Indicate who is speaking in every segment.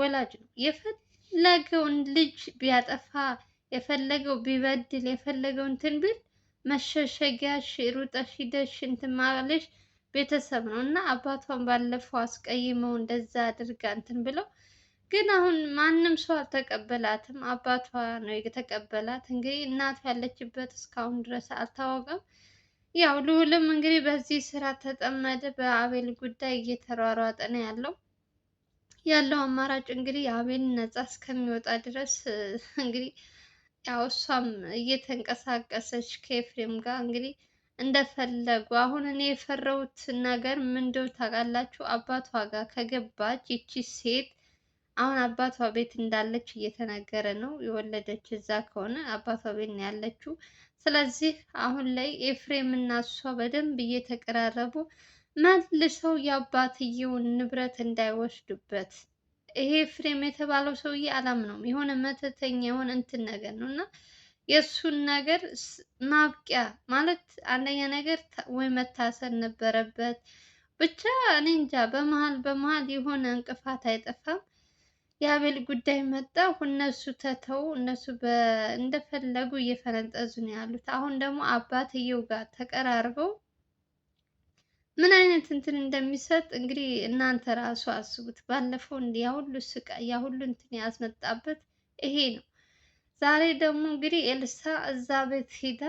Speaker 1: ወላጅ ነው። የፈለገውን ልጅ ቢያጠፋ፣ የፈለገው ቢበድል፣ የፈለገው እንትን ቢል መሸሸጊያሽ ሩጠሽ ሂደሽ እንትን ማለሽ ቤተሰብ ነው እና አባቷን ባለፈው አስቀይመው እንደዛ አድርጋ እንትን ብለው ግን አሁን ማንም ሰው አልተቀበላትም። አባቷ ነው የተቀበላት። እንግዲህ እናቷ ያለችበት እስካሁን ድረስ አልታወቀም። ያው ልዑልም እንግዲህ በዚህ ስራ ተጠመደ። በአቤል ጉዳይ እየተሯሯጠ ነው ያለው። ያለው አማራጭ እንግዲህ አቤል ነጻ እስከሚወጣ ድረስ እንግዲህ ያው እሷም እየተንቀሳቀሰች ከኤፍሬም ጋር እንግዲህ እንደፈለጉ። አሁን እኔ የፈረሁት ነገር ምንድን ታውቃላችሁ? አባቷ ጋር ከገባች ይቺ ሴት አሁን አባቷ ቤት እንዳለች እየተነገረ ነው። የወለደች እዛ ከሆነ አባቷ ቤት ነው ያለችው። ስለዚህ አሁን ላይ ኤፍሬም እና እሷ በደንብ እየተቀራረቡ መልሰው የአባትየውን ንብረት እንዳይወስዱበት። ይሄ ፍሬም የተባለው ሰውዬ አላምነውም። የሆነ መተተኛ የሆነ እንትን ነገር ነው እና የእሱን ነገር ማብቂያ ማለት አንደኛ ነገር ወይ መታሰር ነበረበት። ብቻ እኔ እንጃ፣ በመሀል በመሀል የሆነ እንቅፋት አይጠፋም። የአቤል ጉዳይ መጣ። እነሱ ተተው፣ እነሱ እንደፈለጉ እየፈነጠዙ ነው ያሉት። አሁን ደግሞ አባትየው ጋር ተቀራርበው ምን አይነት እንትን እንደሚሰጥ እንግዲህ እናንተ ራሱ አስቡት። ባለፈው ያ ሁሉ ስቃይ ያ ሁሉ እንትን ያስመጣበት ይሄ ነው። ዛሬ ደግሞ እንግዲህ ኤልሳ እዛ ቤት ሂዳ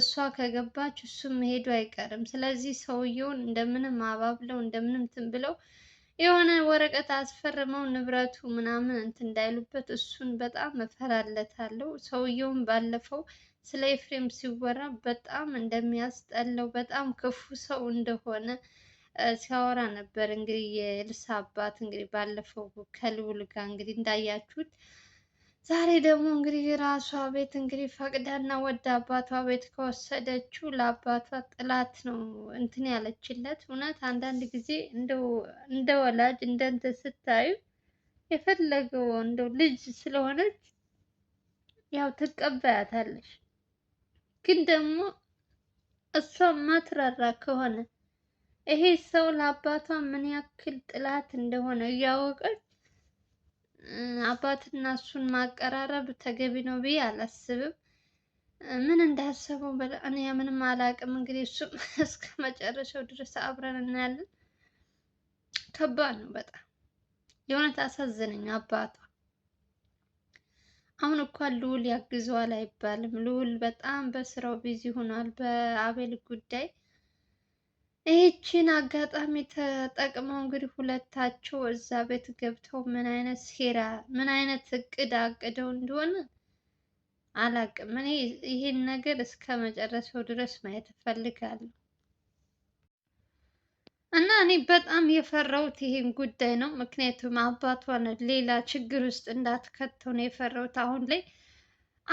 Speaker 1: እሷ ከገባች እሱም መሄዱ አይቀርም። ስለዚህ ሰውየውን እንደምንም አባብለው እንደምንም እንትን ብለው የሆነ ወረቀት አስፈርመው ንብረቱ ምናምን እንትን እንዳይሉበት እሱን በጣም እፈራለታለሁ። ሰውየውን ባለፈው ስለ ኤፍሬም ሲወራ በጣም እንደሚያስጠላው በጣም ክፉ ሰው እንደሆነ ሲያወራ ነበር። እንግዲህ የኤልሳ አባት እንግዲህ ባለፈው ከልዑል ጋር እንግዲህ እንዳያችሁት ዛሬ ደግሞ እንግዲህ ራሷ ቤት እንግዲህ ፈቅዳና ወደ አባቷ ቤት ከወሰደችው ለአባቷ ጥላት ነው እንትን ያለችለት። እውነት አንዳንድ ጊዜ እንደ ወላጅ እንደንተ ስታዩ የፈለገው እንደው ልጅ ስለሆነች ያው ትቀበያታለች። ግን ደግሞ እሷ ማትራራ ከሆነ ይሄ ሰው ለአባቷ ምን ያክል ጥላት እንደሆነ እያወቀች አባትና እሱን ማቀራረብ ተገቢ ነው ብዬ አላስብም። ምን እንዳሰበው እኔ ምንም አላውቅም። እንግዲህ እሱም እስከ መጨረሻው ድረስ አብረን እናያለን። ከባድ ነው በጣም የእውነት አሳዘነኝ አባቷ። አሁን እንኳን ልዑል ያግዘዋል አይባልም። ልዑል በጣም በስራው ቢዚ ሆኗል በአቤል ጉዳይ ይህችን አጋጣሚ ተጠቅመው እንግዲህ ሁለታቸው እዛ ቤት ገብተው ምን አይነት ሴራ ምን አይነት እቅድ አቅደው እንደሆነ አላቅም። እኔ ይህን ነገር እስከ መጨረሻው ድረስ ማየት እፈልጋለሁ። እና እኔ በጣም የፈራሁት ይሄን ጉዳይ ነው። ምክንያቱም አባቷን ሌላ ችግር ውስጥ እንዳትከተው ነው የፈራሁት። አሁን ላይ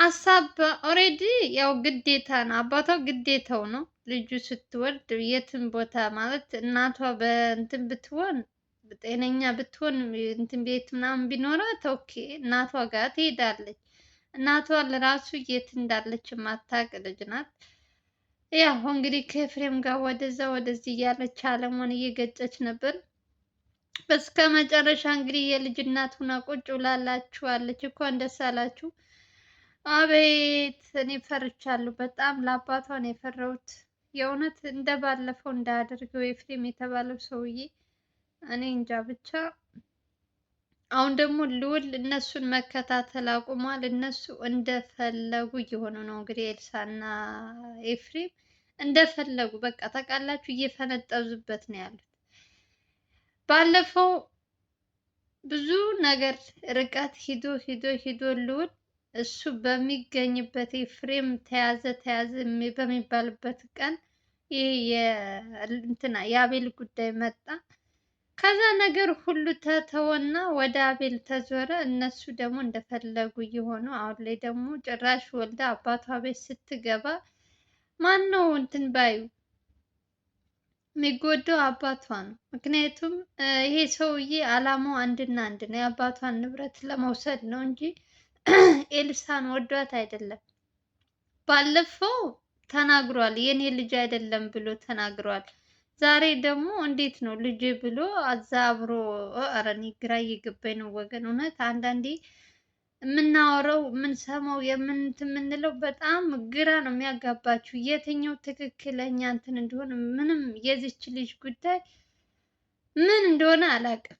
Speaker 1: አሳብ ኦሬዲ ያው ግዴታ ነው፣ አባቷ ግዴታው ነው ልጁ ስትወልድ የትም ቦታ ማለት እናቷ በእንትን ብትሆን ጤነኛ ብትሆን እንትን ቤት ምናምን ቢኖራት ኦኬ እናቷ ጋር ትሄዳለች። እናቷ ለራሱ የት እንዳለች የማታውቅ ልጅ ናት። ያው እንግዲህ ከፍሬም ጋር ወደዛ ወደዚህ እያለች አለሟን እየገጨች ነበር። በስከ መጨረሻ እንግዲህ የልጅ እናት ሁና ቁጭ ብላላችኋለች። እንኳን ደስ አላችሁ። አቤት እኔ ፈርቻለሁ በጣም ለአባቷ ነው የፈራሁት። የእውነት እንደባለፈው እንዳያደርገው ኤፍሬም የተባለው ሰውዬ እኔ እንጃ ብቻ። አሁን ደግሞ ልውል እነሱን መከታተል አቁሟል። እነሱ እንደፈለጉ እየሆኑ ነው። እንግዲህ ኤልሳና ኤፍሬም እንደፈለጉ በቃ ታውቃላችሁ፣ እየፈነጠዙበት ነው ያሉት። ባለፈው ብዙ ነገር ርቀት ሂዶ ሂዶ ሂዶ ልውል። እሱ በሚገኝበት ፍሬም ተያዘ ተያዘ በሚባልበት ቀን ይህ የአቤል ጉዳይ መጣ። ከዛ ነገር ሁሉ ተተወና ወደ አቤል ተዞረ። እነሱ ደግሞ እንደፈለጉ እየሆኑ አሁን ላይ ደግሞ ጭራሽ ወልዳ አባቷ ቤት ስትገባ ማን ነው እንትን ባዩ የሚጎዳው አባቷ ነው። ምክንያቱም ይሄ ሰውዬ አላማው አንድና አንድ ነው፣ የአባቷን ንብረት ለመውሰድ ነው እንጂ ኤልሳን ወዷት አይደለም። ባለፈው ተናግሯል፣ የኔ ልጅ አይደለም ብሎ ተናግሯል። ዛሬ ደግሞ እንዴት ነው ልጄ ብሎ አዛ ኧረ እኔ ግራ እየገባኝ ነው ወገን። እውነት አንዳንዴ የምናወራው የምንሰማው የምንት የምንለው በጣም ግራ ነው የሚያጋባችሁ። የትኛው ትክክለኛ እንትን እንደሆነ ምንም የዚች ልጅ ጉዳይ ምን እንደሆነ አላውቅም።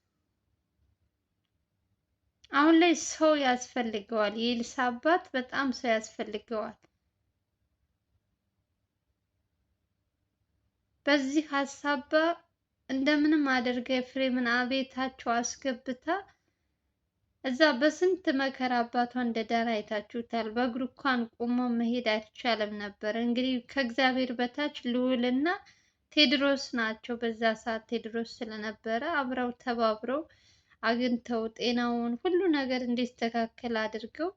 Speaker 1: አሁን ላይ ሰው ያስፈልገዋል። የኤልሳ አባት በጣም ሰው ያስፈልገዋል። በዚህ ሀሳባ እንደምንም አድርጋ ኤፍሬምን አቤታቸው አስገብታ እዛ በስንት መከራ አባቷ እንደዳነ አይታችሁታል። በእግሩ እንኳን ቆሞ መሄድ አይቻልም ነበር። እንግዲህ ከእግዚአብሔር በታች እና ቴድሮስ ናቸው። በዛ ሰዓት ቴድሮስ ስለነበረ አብረው ተባብረው አግኝተው ጤናውን ሁሉ ነገር እንዲስተካከል አድርገው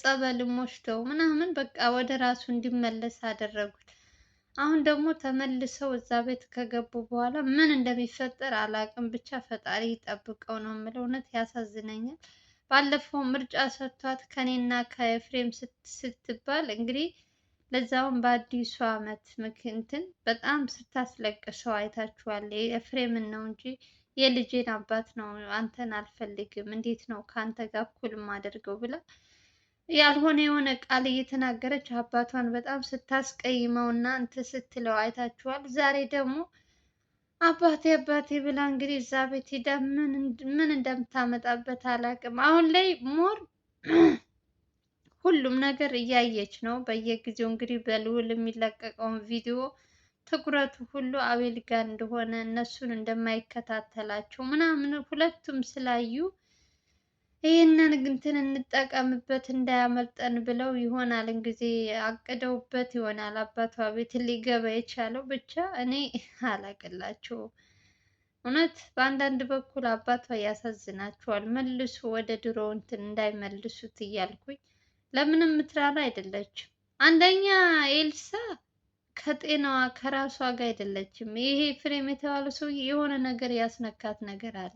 Speaker 1: ጸበል ሞሽተው ምናምን በቃ ወደ ራሱ እንዲመለስ አደረጉት። አሁን ደግሞ ተመልሰው እዛ ቤት ከገቡ በኋላ ምን እንደሚፈጠር አላቅም። ብቻ ፈጣሪ ይጠብቀው ነው የምለው። እውነት ያሳዝነኛል። ባለፈው ምርጫ ሰጥቷት ከኔና ከኤፍሬም ስትባል እንግዲህ ለዛውም በአዲሱ ዓመት ምክንትን በጣም ስታስለቅሰው አይታችኋል። ኤፍሬምን ነው እንጂ የልጄን አባት ነው አንተን አልፈልግም፣ እንዴት ነው ከአንተ ጋር እኩል የማደርገው ብላ ያልሆነ የሆነ ቃል እየተናገረች አባቷን በጣም ስታስቀይመው እና እንትን ስትለው አይታችኋል። ዛሬ ደግሞ አባቴ አባቴ ብላ እንግዲህ እዛ ቤት ሄዳ ምን እንደምታመጣበት አላውቅም። አሁን ላይ ሞር ሁሉም ነገር እያየች ነው። በየጊዜው እንግዲህ በልውል የሚለቀቀውን ቪዲዮ ትኩረቱ ሁሉ አቤል ጋር እንደሆነ እነሱን እንደማይከታተላቸው ምናምን ሁለቱም ስላዩ ይህንን እንትን እንጠቀምበት እንዳያመልጠን ብለው ይሆናል እንግዲህ አቅደውበት ይሆናል። አባቷ ቤት ሊገባ የቻለው ብቻ እኔ አላቅላቸው እውነት በአንዳንድ በኩል አባቷ ያሳዝናቸዋል። መልሱ ወደ ድሮ እንትን እንዳይመልሱት እያልኩኝ ለምንም ምትራራ አይደለችም። አንደኛ ኤልሳ ከጤናዋ ከራሷ ጋር አይደለችም። ይሄ ፍሬም የተባለ ሰውዬ የሆነ ነገር ያስነካት ነገር አለ።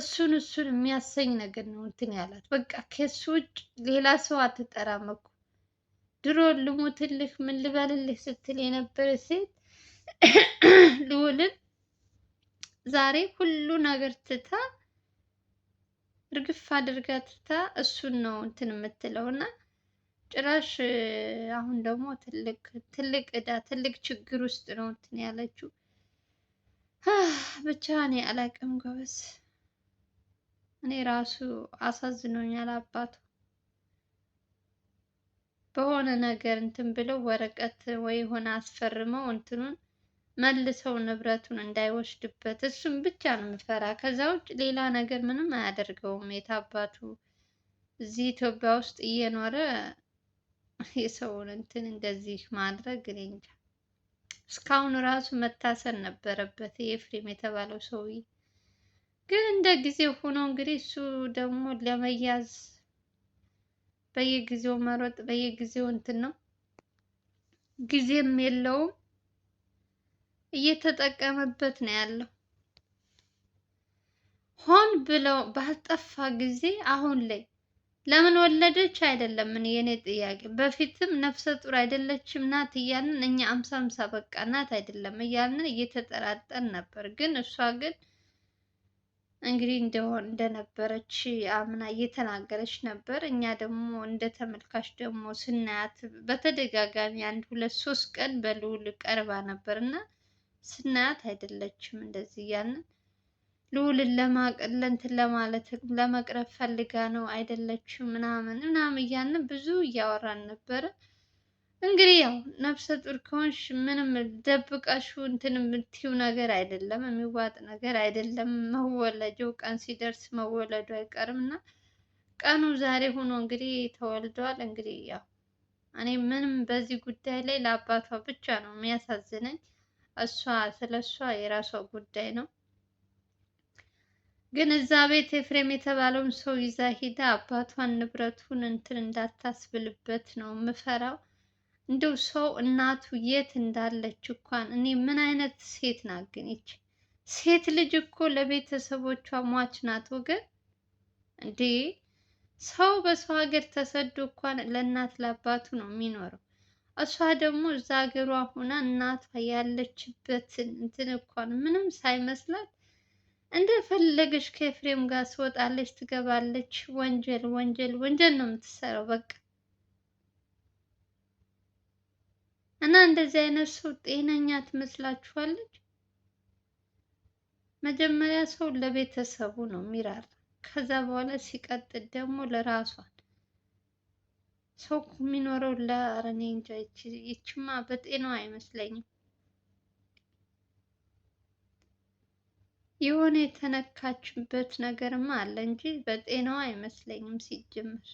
Speaker 1: እሱን እሱን የሚያሰኝ ነገር ነው እንትን ያላት። በቃ ከሱ ውጭ ሌላ ሰው አትጠራም እኮ። ድሮ ልሙትልህ ምን ልበልልህ ስትል የነበረ ሴት ልውልን ዛሬ ሁሉ ነገር ትታ እርግፍ አድርጋ ትታ እሱን ነው እንትን የምትለው እና ጭራሽ አሁን ደግሞ ትልቅ ትልቅ እዳ ትልቅ ችግር ውስጥ ነው እንትን ያለችው። ብቻ እኔ አላቅም ጎበዝ፣ እኔ ራሱ አሳዝኖኛል። አባቱ በሆነ ነገር እንትን ብለው ወረቀት ወይ የሆነ አስፈርመው እንትኑን መልሰው ንብረቱን እንዳይወስድበት እሱም ብቻ ነው የምፈራ። ከዛ ውጭ ሌላ ነገር ምንም አያደርገውም። የት አባቱ እዚህ ኢትዮጵያ ውስጥ እየኖረ የሰውን እንትን እንደዚህ ማድረግ እኔ እንጃ። እስካሁን ራሱ መታሰር ነበረበት የፍሬም የተባለው ሰውዬ። ግን እንደ ጊዜ ሆኖ እንግዲህ እሱ ደግሞ ለመያዝ በየጊዜው መሮጥ በየጊዜው እንትን ነው፣ ጊዜም የለውም እየተጠቀመበት ነው ያለው። ሆን ብለው ባልጠፋ ጊዜ አሁን ላይ ለምን ወለደች አይደለም ምን የኔ ጥያቄ። በፊትም ነፍሰ ጡር አይደለችም ናት እያልን እኛ አምሳ አምሳ በቃ ናት አይደለም እያልን እየተጠራጠን ነበር። ግን እሷ ግን እንግዲህ እንደሆን እንደነበረች አምና እየተናገረች ነበር። እኛ ደግሞ እንደ ተመልካች ደግሞ ስናያት በተደጋጋሚ አንድ ሁለት ሶስት ቀን በልውል ቀርባ ነበር እና ስናያት አይደለችም እንደዚህ እያልን ልዑልን ለማቅለንትን ለማለት ለመቅረብ ፈልጋ ነው አይደለችም ምናምን ምናምን እያልን ብዙ እያወራን ነበረ። እንግዲህ ያው ነፍሰ ጡር ከሆንሽ ምንም ደብቀሽ እንትን የምትይው ነገር አይደለም፣ የሚዋጥ ነገር አይደለም። መወለጀው ቀን ሲደርስ መወለዱ አይቀርም እና ቀኑ ዛሬ ሆኖ እንግዲህ ተወልደዋል። እንግዲህ ያው እኔ ምንም በዚህ ጉዳይ ላይ ለአባቷ ብቻ ነው የሚያሳዝነኝ። እሷ ስለ እሷ የራሷ ጉዳይ ነው። ግን እዛ ቤት ኤፍሬም የተባለውን ሰው ይዛ ሂዳ አባቷን ንብረቱን እንትን እንዳታስብልበት ነው የምፈራው። እንደው ሰው እናቱ የት እንዳለች እንኳን እኔ ምን አይነት ሴት ናት ግን ይች ሴት ልጅ እኮ ለቤተሰቦቿ ሟች ናት ወገን እንዴ! ሰው በሰው ሀገር ተሰዶ እንኳን ለእናት ለአባቱ ነው የሚኖረው። እሷ ደግሞ እዛ ሀገሯ ሆና እናቷ ያለችበትን እንትን እንኳን ምንም ሳይመስላት እንደፈለገች ከፍሬም ጋር ስወጣለች ትገባለች። ወንጀል ወንጀል ወንጀል ነው የምትሰራው በቃ። እና እንደዚህ አይነት ሰው ጤነኛ ትመስላችኋለች? መጀመሪያ ሰው ለቤተሰቡ ነው የሚራራ። ከዛ በኋላ ሲቀጥል ደግሞ ለራሷን ሰው የሚኖረው ለአረኔ እንጃ። ይችማ በጤናዋ አይመስለኝም። የሆነ የተነካችበት ነገርማ አለ እንጂ በጤናዋ አይመስለኝም ሲጀመር።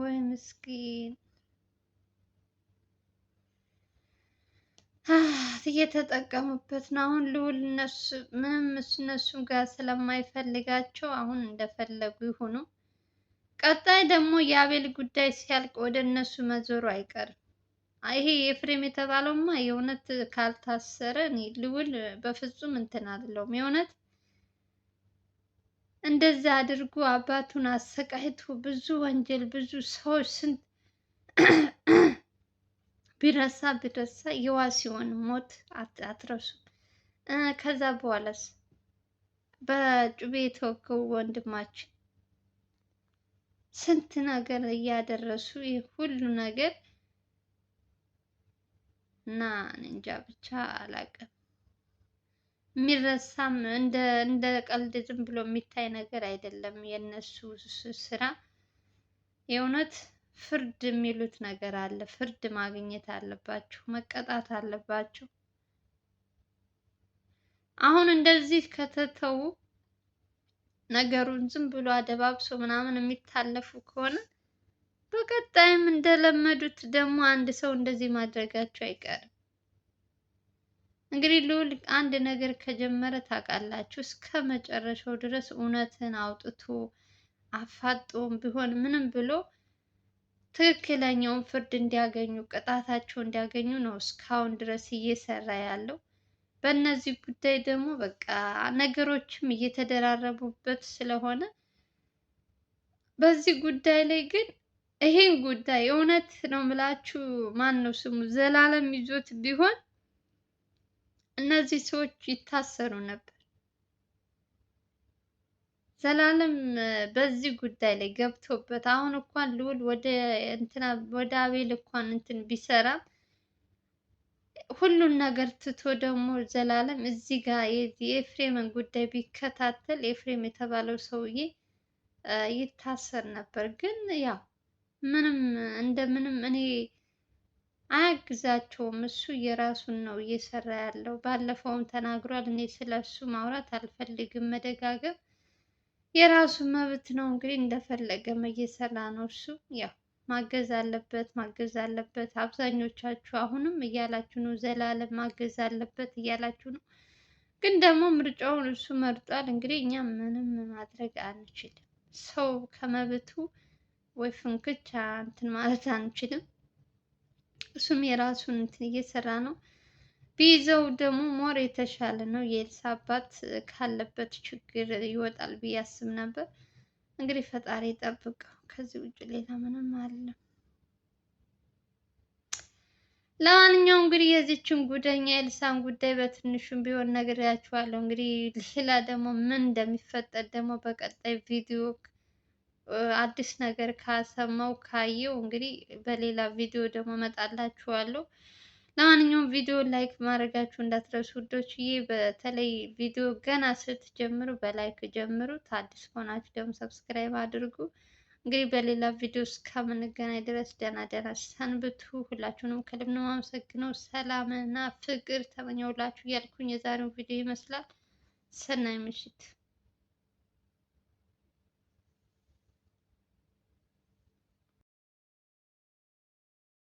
Speaker 1: ወይ ምስኪን እየተጠቀሙበት ነው። አሁን ልዑል እነሱ ምንም እነሱ ጋር ስለማይፈልጋቸው አሁን እንደፈለጉ ይሁኑ። ቀጣይ ደግሞ የአቤል ጉዳይ ሲያልቅ ወደ እነሱ መዞሩ አይቀርም። ይሄ ኤፍሬም የተባለውማ የእውነት ካልታሰረ እኔ ልውል በፍጹም እንትን የእውነት እንደዛ አድርጎ አባቱን አሰቃይቶ ብዙ ወንጀል ብዙ ሰዎች ስንት ቢረሳ ቢረሳ የዋ ሲሆን ሞት አትረሱም። ከዛ በኋላስ በጩቤ የተወገው ወንድማችን ስንት ነገር እያደረሱ ይህ ሁሉ ነገር እና እንጃ ብቻ አላውቅም። የሚረሳም እንደ ቀልድ ዝም ብሎ የሚታይ ነገር አይደለም። የእነሱ ስራ የእውነት ፍርድ የሚሉት ነገር አለ። ፍርድ ማግኘት አለባቸው፣ መቀጣት አለባቸው። አሁን እንደዚህ ከተተዉ ነገሩን ዝም ብሎ አደባብሶ ምናምን የሚታለፉ ከሆነ በቀጣይም እንደለመዱት ደግሞ አንድ ሰው እንደዚህ ማድረጋቸው አይቀርም። እንግዲህ ልዑል አንድ ነገር ከጀመረ ታውቃላችሁ፣ እስከ መጨረሻው ድረስ እውነትን አውጥቶ አፋጦም ቢሆን ምንም ብሎ ትክክለኛውን ፍርድ እንዲያገኙ ቅጣታቸው እንዲያገኙ ነው እስካሁን ድረስ እየሰራ ያለው። በእነዚህ ጉዳይ ደግሞ በቃ ነገሮችም እየተደራረቡበት ስለሆነ በዚህ ጉዳይ ላይ ግን ይሄን ጉዳይ እውነት ነው የምላችሁ፣ ማን ነው ስሙ ዘላለም ይዞት ቢሆን እነዚህ ሰዎች ይታሰሩ ነበር። ዘላለም በዚህ ጉዳይ ላይ ገብቶበት አሁን እንኳን ልውል ወደ እንትና ወደ አቤል እንኳን እንትን ቢሰራም ሁሉን ነገር ትቶ ደግሞ ዘላለም እዚህ ጋር የኤፍሬምን ጉዳይ ቢከታተል ኤፍሬም የተባለው ሰውዬ ይታሰር ነበር ግን ያው ምንም እንደምንም እኔ አያግዛቸውም። እሱ የራሱን ነው እየሰራ ያለው። ባለፈውም ተናግሯል። እኔ ስለ እሱ ማውራት አልፈልግም መደጋገም። የራሱ መብት ነው እንግዲህ እንደፈለገም እየሰራ ነው። እሱ ያው ማገዝ አለበት ማገዝ አለበት። አብዛኞቻችሁ አሁንም እያላችሁ ነው፣ ዘላለም ማገዝ አለበት እያላችሁ ነው። ግን ደግሞ ምርጫውን እሱ መርጧል። እንግዲህ እኛ ምንም ማድረግ አንችልም። ሰው ከመብቱ ወይ ፍንክቻ እንትን ማለት አንችልም። እሱም የራሱን እንትን እየሰራ ነው። ቢይዘው ደግሞ ሞር የተሻለ ነው። የኤልሳ አባት ካለበት ችግር ይወጣል ብዬ አስብ ነበር። እንግዲህ ፈጣሪ ጠብቀው ከዚህ ውጭ ሌላ ምንም አለም። ለማንኛውም እንግዲህ የዚችን ጉደኛ ኤልሳን ጉዳይ በትንሹም ቢሆን ነግሬያችኋለሁ። እንግዲህ ሌላ ደግሞ ምን እንደሚፈጠር ደግሞ በቀጣይ ቪዲዮ አዲስ ነገር ካሰማው ካየው እንግዲህ በሌላ ቪዲዮ ደግሞ መጣላችኋለሁ። ለማንኛውም ቪዲዮ ላይክ ማድረጋችሁ እንዳትረሱ ውዶች። ይህ በተለይ ቪዲዮ ገና ስትጀምሩ በላይክ ጀምሩት። አዲስ ከሆናችሁ ደግሞ ሰብስክራይብ አድርጉ። እንግዲህ በሌላ ቪዲዮ እስከምንገናኝ ድረስ ደህና ደህና ሰንብቱ። ሁላችሁንም ከልብ ነው የማመሰግነው። ሰላምና ፍቅር ተመኘሁላችሁ እያልኩኝ የዛሬውን ቪዲዮ ይመስላል። ሰናይ ምሽት